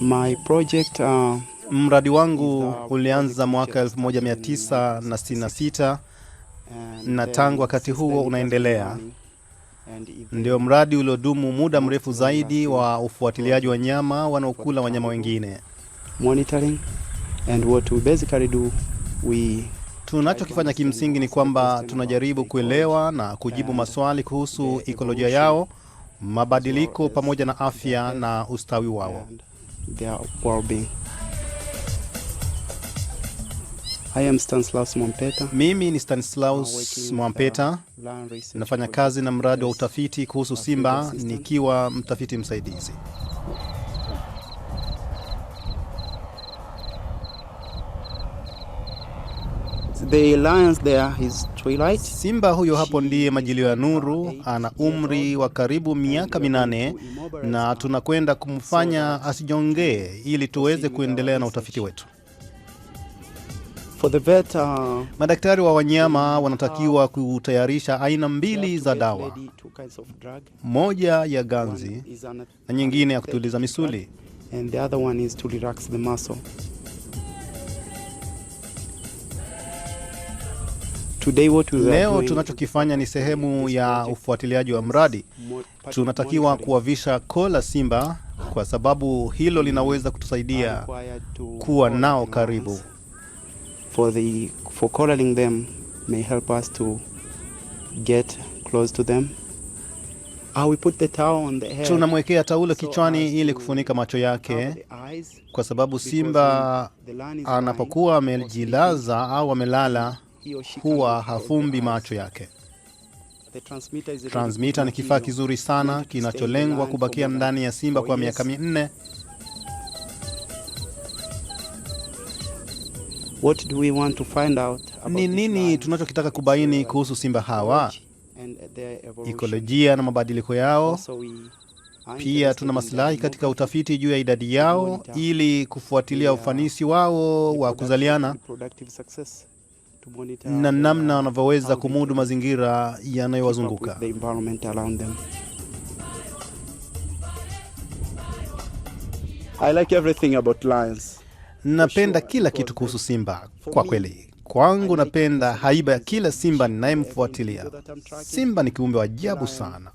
My project, uh, mradi wangu ulianza mwaka 1966 na tangu wakati huo unaendelea. Ndio mradi uliodumu muda mrefu zaidi wa ufuatiliaji wa nyama wanaokula wanyama wengine. Monitoring and what we basically do we Tunachokifanya kimsingi ni kwamba tunajaribu kuelewa na kujibu maswali kuhusu ikolojia yao, mabadiliko pamoja na afya na ustawi wao their well-being. I am Stanislaus Mwampeta. Mimi ni Stanislaus uh, Mwampeta, nafanya kazi na mradi wa utafiti kuhusu Simba nikiwa mtafiti msaidizi. The lions there is twilight. Simba huyo hapo ndiye majilio ya Nuru, ana umri wa karibu miaka minane na tunakwenda kumfanya asijongee ili tuweze kuendelea na utafiti wetu. For the vet, uh, madaktari wa wanyama wanatakiwa kutayarisha aina mbili za dawa, moja ya ganzi na nyingine ya kutuliza misuli. Today what we leo tunachokifanya ni sehemu ya ufuatiliaji wa mradi. Tunatakiwa kuwavisha kola simba, kwa sababu hilo linaweza kutusaidia kuwa nao karibu. For the, for them may help us to get close to them. Tunamwekea taulo kichwani ili kufunika macho yake, kwa sababu simba anapokuwa amejilaza au amelala huwa hafumbi macho yake. Transmita ni kifaa kizuri sana kinacholengwa kubakia ndani ya simba kwa miaka minne. Ni nini tunachokitaka kubaini kuhusu simba hawa? ikolojia na mabadiliko yao. Pia tuna masilahi katika utafiti juu ya idadi yao ili kufuatilia ufanisi wao wa kuzaliana na namna wanavyoweza kumudu mazingira yanayowazunguka. Like napenda kila kitu kuhusu simba kwa kweli. Kwangu napenda haiba ya kila simba ninayemfuatilia. Simba ni kiumbe wa ajabu sana.